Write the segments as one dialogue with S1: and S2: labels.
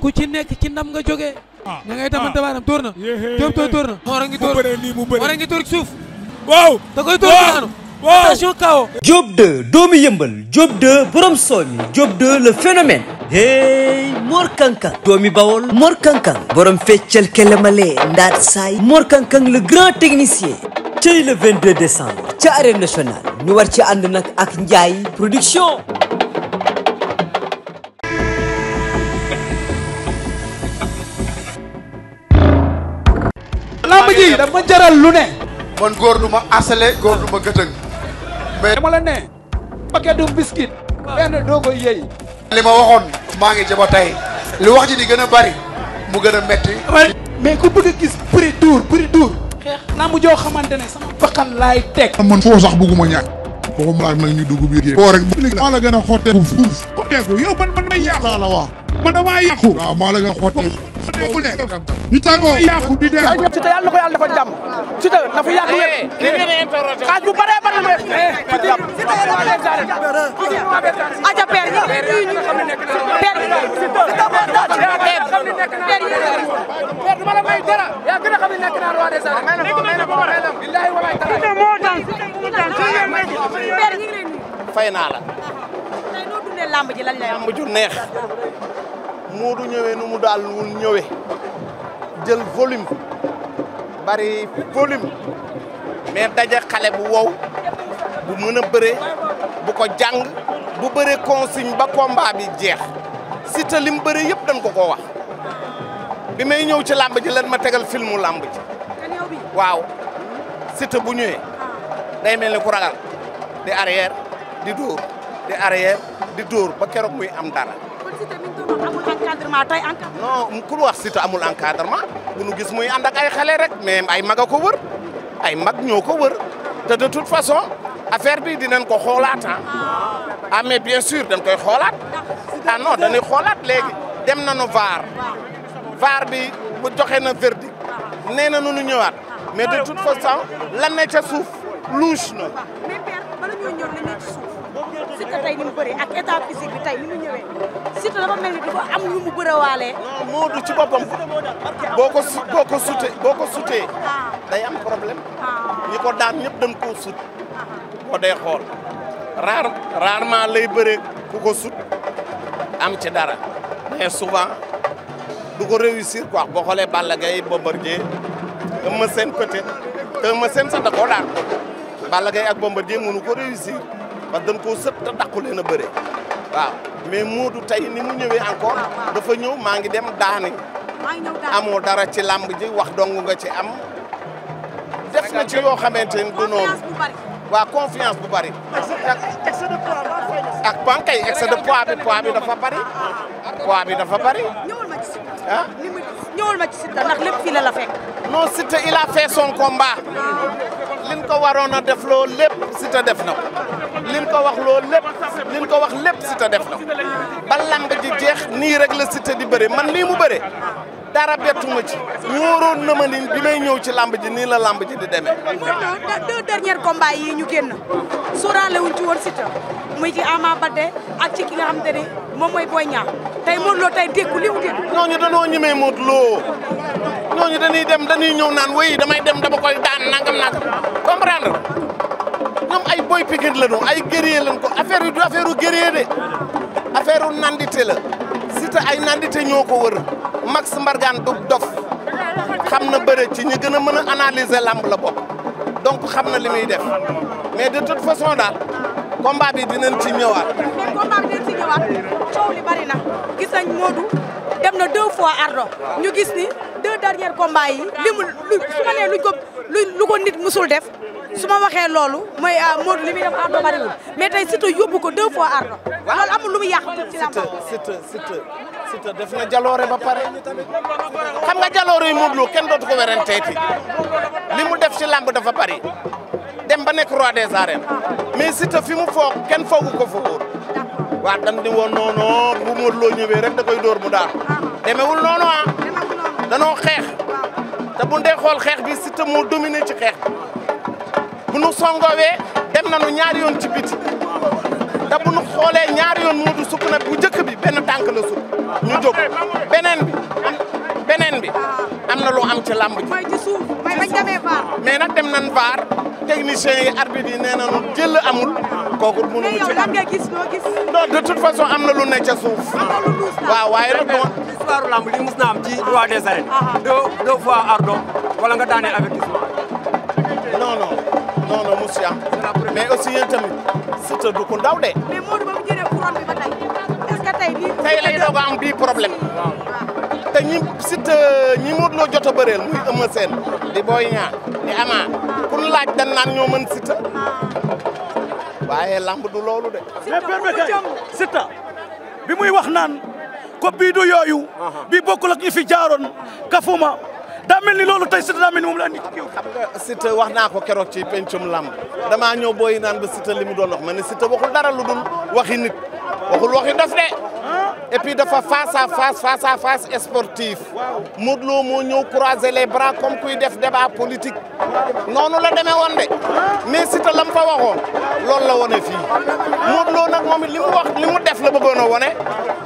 S1: ku ci nekk ci nam nga joge ah da ngay damante ah. baaraam door na. Diop tooy door na. Mor a ngi door Mor a ngi
S2: door suuf. waaw da koy door daanu. waaw attention kawo. Diop 2 doomu yëmbal Diop borom soomi Diop 2 le phénomène. hey Mor Kankang doomi Bawol Mor Kankang borom feccal kelemale ndaat saay Mor Kankang le grand technicien. cey le 22 décembre ci arène nationale ñu war ci ànd nag ak Ndiaye production. lii dama jaral lu ne. man góor du ma asale góor du ma gëtëng. mais dama la ne. paquet du biscuit. benn doo ko yëy. li ma waxoon maa ngi jaba tey. li wax ji di gën a bari mu gën a metti. mais ku bëgg a gis prix duur prix duur. xeex naa mu joo xamante ne sama bakkan laay teg. man foo sax bëgguma ñàkk. waxuma laaj nag ñu dugg biir yéen. foo rek maa la gën a xotteeku fuuf. xotteeku yow man man may yàqu. la wax man damaa yàqu. waaw maa la gën a xotteeku.
S1: ñu
S2: tàggoo yàqu di dee. Siteu yàlla na ko yàlla defal jàmm. Siteu na fu yàq wér. xaaj bu bëree bëri la mu def. aja père ñu père père
S3: du ma la may dara.
S2: yaa gën a xam ne nekk naa roi des arènes. billaahi walaay tàllaay. fay naa la.
S3: lamb ji lañ lay wax
S2: lamb ju neex. Modou ñëwee nu mu daal wul ñëwee jël volume bari volume mais daje xale bu wow bu mën a bëre bu ko jàng bu bëre consigne ba combat bi jeex Siteu li mu bëre yëpp dañ ko ko wax bi may ñëw ci làmb ji lan ma tegal filmu làmb ji waaw Siteu bu ñëwee ah. day mel ni ku ragal di arrière di dóor di arrière di dóor ba keroog muy am dara encadrement tey non ku wax Siteu amul encadrement bu nu gis muy ànd ak ay xale rek mais ay mag a ko wër ay mag ñoo ko wër te de toute façon affaire bi dinañ ko xoolaat ah. ah, ah bien sure dañ koy xoolaat. ah non dañuy xoolaat léegi dem nañu VAR. VAR bi bu joxe na verdict nee na nu ñëwaat mais de toute façon lan ne ca suuf louche na. mais père
S3: bala ñuy ñëw Siteu tey ni mu bëree ak état physique bi tey ni mu ñëwee Siteu dafa mel ni dafa am ñu
S2: mu bërëwaalee. non Modou ci boppam boo ko boo ko sutee boo ko sutee ah. day am problème ah. ñi ko daan ñëpp dañ ko sut boo dee xool rare rarement lay bëree ku ko sut am ci dara mais souvent du ko réussir quoi boo xoolee Balla Gaye Bombardier Eumeu Sène peut-être te Eumeu Sène sax da koo daan Balla Gaye ak Bombardier mënu ko réussir. parce que dañ koo sët leen a bëre waaw mais Modou tey ni mu ñëwee encore ah, dafa ñëw maa ngi dem daani amoo dara ci làmb ji wax dong nga ci am def na ci yoo xamante ni du noonu waaw confiance bu bari ak pankay excès de poids bi poids bi dafa bari ah, ah, bari ah ñëwal ci Siteu ndax lépp fii la son combat liñ ko waroon a def loo lépp Siteu def na ko liñ ko wax loo lépp liñ ko wax lépp Siteu def na ko ba lamb ji jeex nii rek la Siteu di bëre man nii mu bëre dara bettuma ci wóoroon na ma ni bi may ñëw ci lamb ji nii la lamb ji di demee. non deux derniers combats yi ñu génn sóoraale wuñ ci woon
S3: Siteu muy ci Ama Baldé ak ci ki nga xam te ne moom mooy Boy Niang tey Modou Lo tey
S2: dékku li mu dékku. ñooñu dañoo ñemee Modou Lo. ñooñu dañuy dem dañuy ñëw naan wéy damay dem dama koy daan nangam nangam comprendre ñoom ay boy Pikine ay guerrier lañ ko affaire yi du affaire u de affaire u nandite la ay nandite ko wër Max Mbargane du dof xam na bëre ci ñi gën a mën a analyser lamb la bopp donc xam na li def mais de toute façon daal combat bi dinañ ci ñëwaat. mais combat bi dinañ ci ñëwaat coow li bari gis nañ Modou
S3: dem na deux fois Ardo ñu gis ni. dernier combat yi li mu lu su ma nee luñ ko lu ko nit musul def su ma waxee loolu mooy ah, Modou li muy def Ardo bariwul mais tey Siteu yóbbu ko deux fois Ardo loolu amul lu mu yàq ci làmb
S2: Siteu Siteu Siteu def na jaloore ba pare xam nga jaloore yi Modou Lo kenn dootu ko werenteeti li mu def ci làmb dafa bari dem ba nekk roi des arènes mais Siteu fi mu foog kenn foogu ko fa wóor waaw dan di woon noono bu Modou Lo ñëwee rek da koy dóor mu daal ah. demewul noonu ah danoo xeex te bu dee xool xeex bi Siteu moo dominé ci xeex bi bu nu songoowee dem na nañu ñaari yoon ci biti te bu nu xoolee ñaari yoon Modou sukk na bu njëkk bi benn tànk la sukk ñu jóg beneen bi beneen bi am na lu am ci làmb ji mais nag dem nan vaar techniciens yi arbitre yi nee nañu jël amul kooku mënuñu ci am de toute façon am na lu ne ca waaye na am ci mu jëlee couronne
S3: bi ba tey est-ce que tey tey lay doog a am bii problème
S2: te ñi Siteu ñi Modou Lo jot a bëreel muy Eumeu Sène di Boy Niang di Ama buñ laaj dañ naan ñoo mën Siteu ah. waaye lamb du loolu de. mais permettez Siteu bi muy wax naan ko bii du yooyu. bi bokkul ak ñi fi jaaroon kafuma daa mel ni loolu tey Siteu daa mel ni moom la andi ci kiw. wax naa ko keroog ci pencum lamb damaa ñëw booy naan ba Siteu li mu doon wax ma ne Siteu waxul dara lu dul waxi waxul waxi dof de. et puis dafa face à face face à face sportif Modou Lo moo ñëw croiser les bras comme kuy def débat politique noonu la demee woon de mais ta la mu fa waxoon loolu la wone fii Modou Lo nag moom it li mu wax li mu def la bëggoon a wone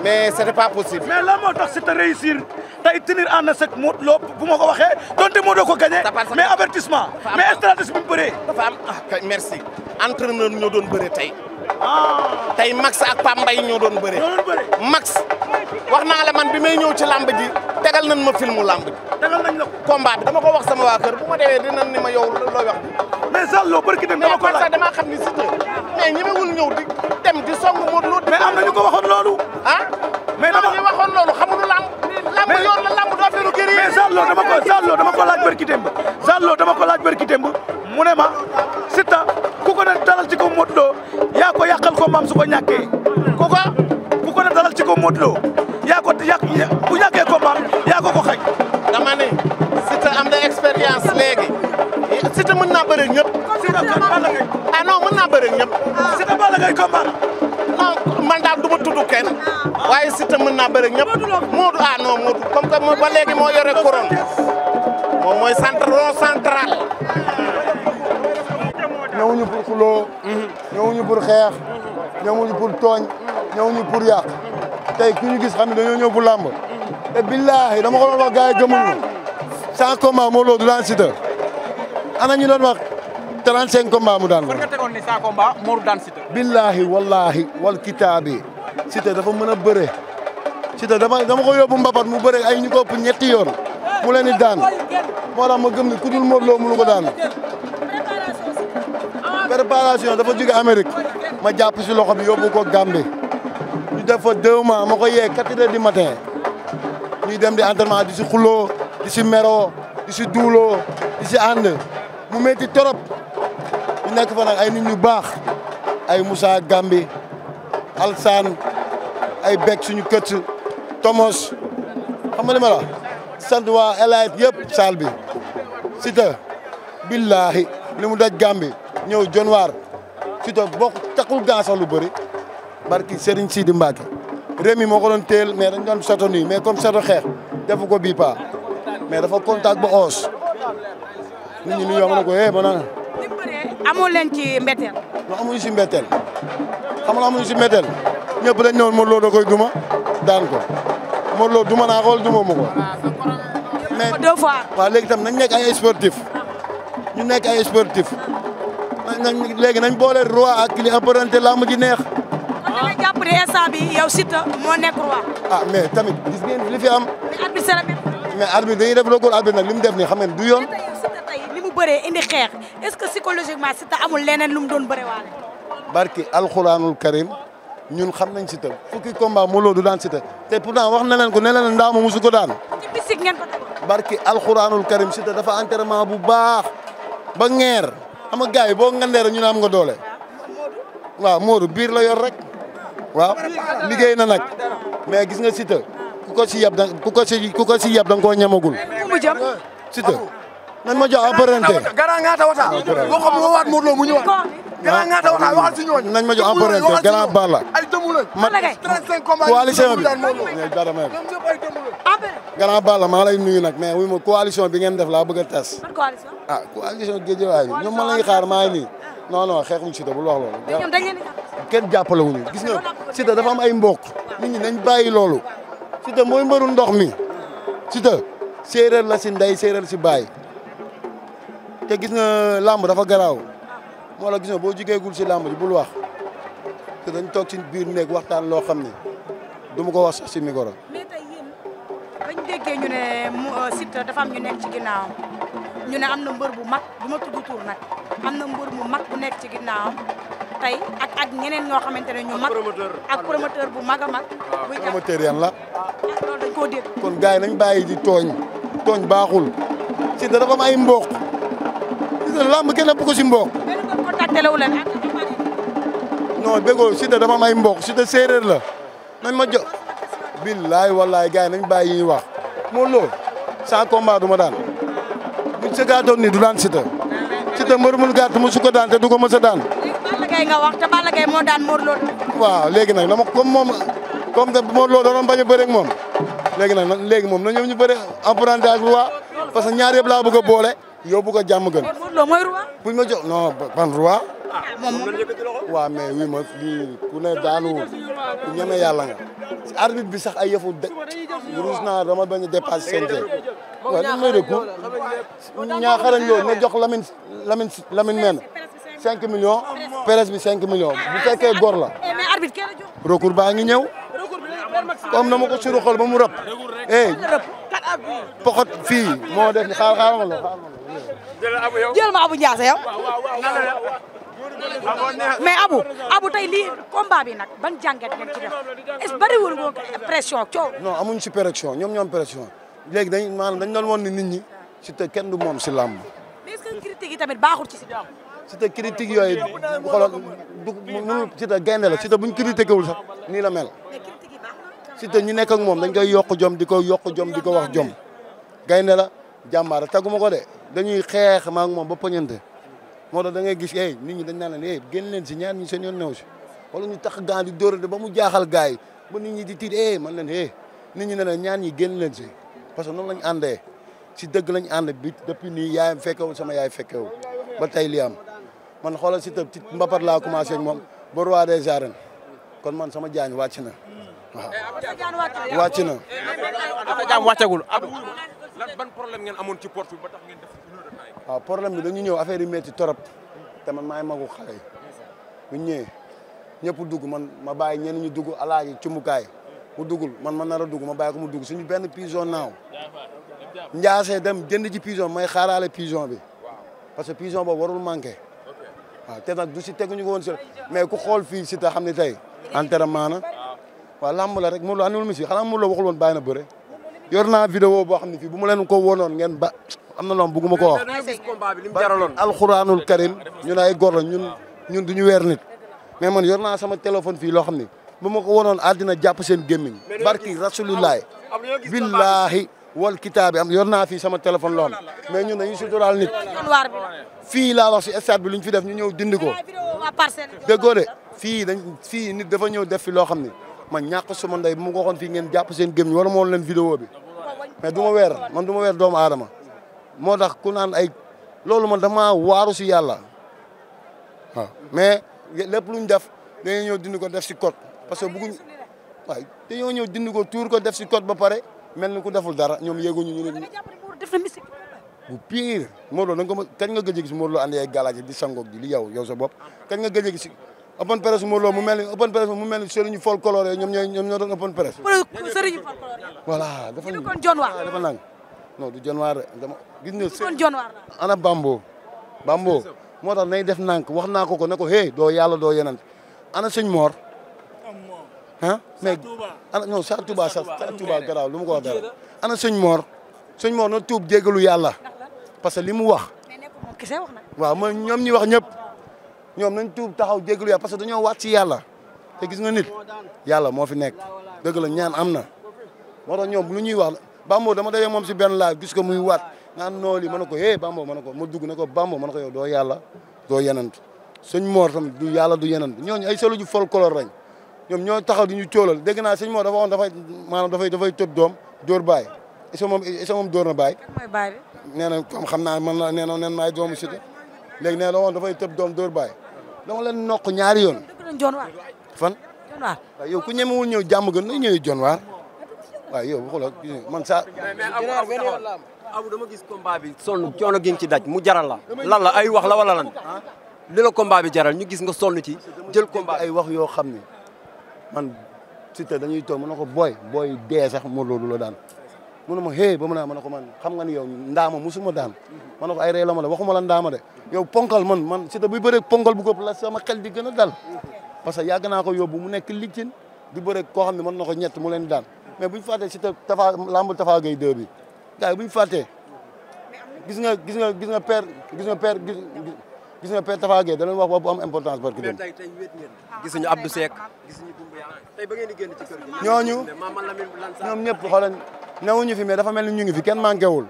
S2: mais c'était pas possible. mais la moo tax Siteu réussir tey tenir en échec Modou Lo bu ma ko waxee donte Modou Lo ko gagné. mais avertissement mais stratégie bi mu bëree. dafa am ah merci entraîneur ñoo doon bëree tey. tey Max ak Pape Mbaye ñoo doon bëre. Max wax naa la man bi may ñëw ci làmb ji tegal nañ ma filmu làmb ji. tegal bi dama ko wax sama waa kër bu ma demee dinañ ni ma yow looy wax. mais sax loo bëri ki dem dama ko laaj ni Siteu mais ñi am na ñu ko waxoon loolu. ah mais dama ñu waxoon loolu yoon la lamb doo feru kër yi. mais Zale Lo dama ko Zale Lo dama ko laaj bërki démb Zale Lo dama ko mu ne ma Siteu ku ko ne dalal ci kaw Modou Lo combat su ko ñàkkee kooka bu ko ne dalal ci ko Modou Lo yaa ko yàq bu ñàkkee combat yaa ko ko xañ. dama ne am na expérience léegi Siteu mën naa bëre ñëpp. Siteu kan Balla Gaye. Ah ah. man daal du ma tudd kenn ah. waaye Siteu mën naa bëre ñëpp Modou ah non Modou comme que ba léegi moo yore couronne moom mooy centre rond central.
S1: ñëwuñu pour xuloo. Mm-hmm. ñëwuñu pour ñëwuñu pour tooñ ñëwuñu pour yàq tey ku ñu gis xam ne dañoo ñëw pour làmb te billaahi dama ko doon wax gars yi gëmuñu sans combat Modou daan Siteu ana ñu doon wax 35 combat mu daan. kon nga
S2: tegoon ni sans combat Modou daan Siteu.
S1: billaahi wallaahi wal kitaabi Siteu dafa mën a bëre Siteu dama dama ko yóbbu mbapat mu bëre ay ñu ko ëpp ñetti yoon mu leen di daan moo tax ma gëm ku dul Modou Lo mënu ko daan préparation dafa jóge Amérique. ma jàpp si loxo bi yóbbu ko Gambie ñu def fa deux mois ko yee quatre heures du matin dem di entraînement di si xuloo di si meroo di si duuloo di si ànd mu métti torop ñu nekk fa ay nit ñu baax ay musa Gambi Alsaan ay Bek suñu kët Tomos xam sant waa Elite yëpp saal bi Siteu billaahi li mu daj Gambi ñëw Jonwaar Siteu boo takkul gaa sax lu bëri barki Serigne Sidi Mbacke Rémi moo ko doon teel mais dañ doon sato nii mais comme sato xeex defu ko bii paa mais dafa contact ba os nit ñi nu yomb ko eh ma naan. li mu
S3: bëree amoo leen ci mbetteel.
S1: non si mbetteel xam nga amuñu si mbetteel ñëpp dañ ñëwoon Modou Lo da koy duma daan ko Modou Lo duma naa ko wala duma mu ko. Ah, mais deux fois. waaw léegi tam nañ nekk ay sportif ñu nekk ay sportif. nañ léegi nañ boole roi ak li apparenté lamb ji neex. kon ah, mais tamit gis li fi am. mais arbitre sera dañuy def recours arbitre na li mu def nii xam ngeen du yoon.
S3: bëree indi xeex est-ce que psychologiquement Siteu amul leneen lu mu doon bëree waale.
S1: barki alxuraanul karim ñun xam nañ Siteu fukki combat Modou Lô du daan Siteu te pourtant wax na leen ko ne leen ndaamu musu ko daan. ko tegoon. barki alxuraanul karim Siteu dafa entraînement bu baax ba ngeer. xam nga gars yi boo ngandee rek ñu am nga doole. waaw Modou biir la yor rek. waaw liggéey na nag mais gis nga Siteu ku ko si yab da ku ko da koo ñamagul. Siteu nan ma jox apparenté. garaan nga ah, ta wata boo waat Modou Lo mu grand nga taw naa waxal si ñooñu. nañ ma jox emprunté grand Balla.
S2: ay dëmmu lañ. man 35 combats coalition bi.
S1: grand Balla maa lay nuyu nag mais wuy ma coalition bi ngeen def laa bëgg a tas. ah coalition Guédiawaye bi ñoom ma lañu xaar maa ngi nii. Ah. non non xeexuñ Siteu bul kenn jàppale wuñu gis nga Siteu dafa am ay mbokk. nit nañ bàyyi loolu. Siteu mooy mbëru ndox mi. Siteu séeréer la si ndey séeréer si baay te gis nga làmb dafa garaaw. moo la gis boo jógeegul si làmb ji bul wax te dañ toog si biir néeg waxtaan loo xam ne du ma ko wax sax si micro. mais ñu
S3: euh, am nekk ci ñu ne am na mbër bu mag du ma tudd nag am na mbër bu mag bu nekk ci ginnaawam tey ak ñeneen ñoo ne ñu mag ak promoteur bu mag mag.
S1: buy ah. promoteur yan la. Ah, loolu dañ koo dégg. kon gars yi nañ bàyyi di tooñ tooñ baaxul. Siteu dafa ay mboq. Siteu làmb kenn ëpp ko telewu leen non déggoo Siteu dama may mbokk Siteu séeréer la nañ ma jo billaay wallaay gars yi nañ bàyyi yi ñuy wax moo loolu ma daan buñ sa gaatoon ni du daan sita Siteu mbërumul gàtt mu su ko daan te du ko mës a daan waaw léegi nag dama comme moom comme te Modou Lo doon bañ a bëre ak moom léegi nag léegi moom na ñëw ñu bëre apprentissage bu waa parce que ñaar yëpp laa bëgg a boole yow bëgg a jàmm gën Modou Lo mooy roi. bu ñu ma jox non ban roi.
S3: Ah, moom
S1: waaw mais ku ne daanu ku ñeme yàlla nga. si bi sax ay yëfu de ruus naa dama bañ a dépassé seen tey. waaw li may dégg ñaaxarañ loolu na jox Lamine Lamine Lamine men 5 millions. presse bi 5 millions bu fekkee góor la. la eh, jox. recours baa ngi ñëw.
S2: comme na ma ko suruxal
S1: ba mu rëpp. eh poxot fii moo def xaaral xaaral la
S3: jël ma Abou Ndiassé yow. mais Abou Abou tey lii combat bi nag ban jàngat ngeen ci def est-ce bariwul
S1: pression coow. non amuñ si pression ñoom ñoom pression léegi dañ maanaam dañ doon won ni nit ñi si kenn du moom si làmb.
S3: mais est-ce tamit baaxul ci si doom.
S1: si te yooyu xoolal du mënul si te gaynde la si buñ critiqué wul sax nii la mel. si ñi nekk ak moom dañ koy yokk jom di ko yokk jom di ko wax jom gaynde la jàmbaar taguma ko de. dañuy xeex maak moom ba poñante moo tax da ngay gis eh nit ñi dañ naan leen eh génn leen si ñaan ñu seen yoon new si wala ñu tax gaa di dóorante ba mu jaaxal gars yi ba nit ñi di tiit eh man leen eh nit ñi ne la ñaan ñi génn leen si parce que noonu lañ àndee si dëgg lañ ànd bi depuis nii yaayam fekkewul sama yaay fekkewul ba tey li am man xoolal si tëb ci mbapat laa commencé moom ba roi des arènes kon man sama jaañ wàcc na
S3: waaw wàcc na
S1: wàccagul lan problème ngeen amoon ci porte bi ba tax waaw ah, problème bi dañu ñëw affaire yi métti torop te man maay ma xale yi bu ñu ñëwee ñëpp dugg man ma bàyyi ñenn ñu dugg alaaji cumbukaay mu duggul man ma nar a dugg ma bàyyi ko mu dugg suñu benn pigeon naaw njaasee dem jënd ji pigeon may xaaraale pigeon bi parce que pigeon boobu warul manqué waaw te nag du si teguñu ko woon si mais ku xool fii si ta xam ne tey entraînement na waaw lamb la rek mu la anul mi si xanaa mu la waxul woon baay na bëre yor naa vidéo boo xam ne fii bu ma leen ko wonoon ngeen ba am na loom bugguma ko wax
S2: alxuraanul
S1: karim ñun ay góor la ñun ñun du ñu weer nit mais man yor naa sama téléphone fii loo xam ne bu ma ko wonoon àddina jàpp seen gémmiñ barki rasulullahi billahi wal kitaab bi am yor naa fii sama téléphone lool mais ñun dañuy suturaal nit fii laa wax si stade bi lu ñu fi def ñu ñëw dindi ko déggoo de fii dañ fii nit dafa ñëw def fi loo xam ne ma ñàkk suma ndey bu ma ko ngeen jàpp seen gémmiñ wala moo leen vidéo bi mais du ma weer man du ma weer doomu aadama moo tax ku naan ay loolu man dama waaru si yàlla waaw mais lépp luñ def dañoo ñëw dindi ko def si code parce que bëgguñ waaw dañoo ñëw dindi ko tuur ko def si code ba pare mel ni ku deful dara ñoom yéeguñu ñu ne bu pire Modou Lo da nga ko ma kañ nga gëj a gis Modou Lo andi ay galaaj di sangoog di li yow yow sa bopp kañ nga gëj a gis open press mu loolu mu mel ni open press mu mel ni sëriñu fol coloré ñoom ñooy ñoom ñoo doon open press. sëriñu fol coloré. voilà dafa ñu kon John Waar ah, moo tax nay def nànk wax naa ko ko ne doo yàlla doo yeneen ana sëñ Mor. ah mais ana non sa Touba sa lu ma ko wax dara sëñ Mor. sëñ Mor yàlla parce que li mu wax. waaw mooy ñoom ñi wax ñëpp. ñoom nañ tuub taxaw jégalu yàlla parce que dañoo waat ci yàlla te gis nga nit yàlla moo fi nekk dëgg la ñaan am na. moo tax ñoom lu ñuy wax Bambo dama dajee moom si benn laa gis ko muy waat naan nool yi ma ko eh Bambo ma ne ko ma dugg na ko Bambo ma ne ko yow doo yàlla doo yenant sëñ Mor tamit du yàlla du yenant ñooñu ay solo ju folklore lañ ñoom ñoo taxaw di ñu cóolal dégg naa sëñ Mor dafa waxoon dafay maanaam dafay dafay tëb doom dóor baay est moom est moom dóor na baay. nee na xam naa man la nee na nee na maay doomu Siteu léegi nee na waxoon dafay tëb doom dóor baay dama la nokk ñaari yoon. fan. waaw yow ku ñemewul ñëw jàmm gën na ñëwee John waar waaw yow waxula man saa. abu dama gis combat bi sonn coono gi nga ci daj mu jaral la lan la ay wax la wala lan ah? li la bi jaral ñu gis nga sonn ci jël combat ay wax yoo xam ne man Siteu dañuy toog mën na ko booy booy dee sax loolu la daan mu ne ma hé ba mu naa ah, ma ne ko man xam nga ni yow ndaama musuma daan ma ne ko ay rey la ma la waxuma la ndaama de yow ponkal man si ta buy bëre ponkal bu ko la sama xel di gën a dal parce que yàgg naa ko yóbbu mu nekk liggéey di bëre koo xam ne mën na ko ñett mu leen daan mais bu ñu fàttee si ta tafa lambul tafa gay deux bi gars yi bu gis nga gis nga gis nga père gis nga père gis nga père Tafa Gueye da leen wax wax bu am importance parce que dem tey tey gis ñu Abdou Seck gis ñu Doumbouya tey ba ngeen ñooñu ñoom ñëpp newuñu fi mais dafa mel ni ñu ngi fi kenn manqué wul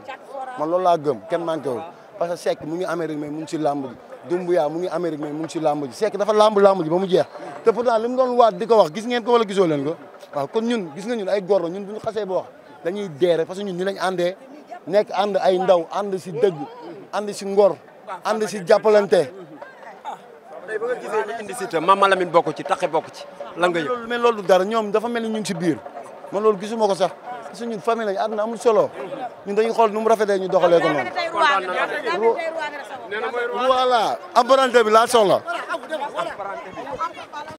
S1: man loolu laa gëm kenn manqué wul parce que Seck mu ngi Amérique mais mu ngi si làmb ji Dumbuya mu ngi Amérique mais mu ngi si làmb ji Seck dafa làmb làmb ji ba mu jeex te pourtant li mu doon waat di ko wax gis ngeen ko wala gisoo leen ko ñun gis nga ñun ay góor ñun bu ñu xasee ba wax dañuy deere parce que ñun ñu lañ àndee nekk ànd ay ndaw ànd si dëgg ànd si ngor ànd si jàppalante
S2: tey ba nga gisee ñu indi Siteu bokk ci taxe
S1: bokk ci lan nga yëg mais loolu dara ñoom dafa mel ni ñu ngi si biir man loolu gisuma ko sax su ñun famille lañu àdduna amul solo ñun dañuy xool nu mu rafetee ñu doxalee ko noonu voilà apprenti bi laa soxla ah,
S3: ah, ah,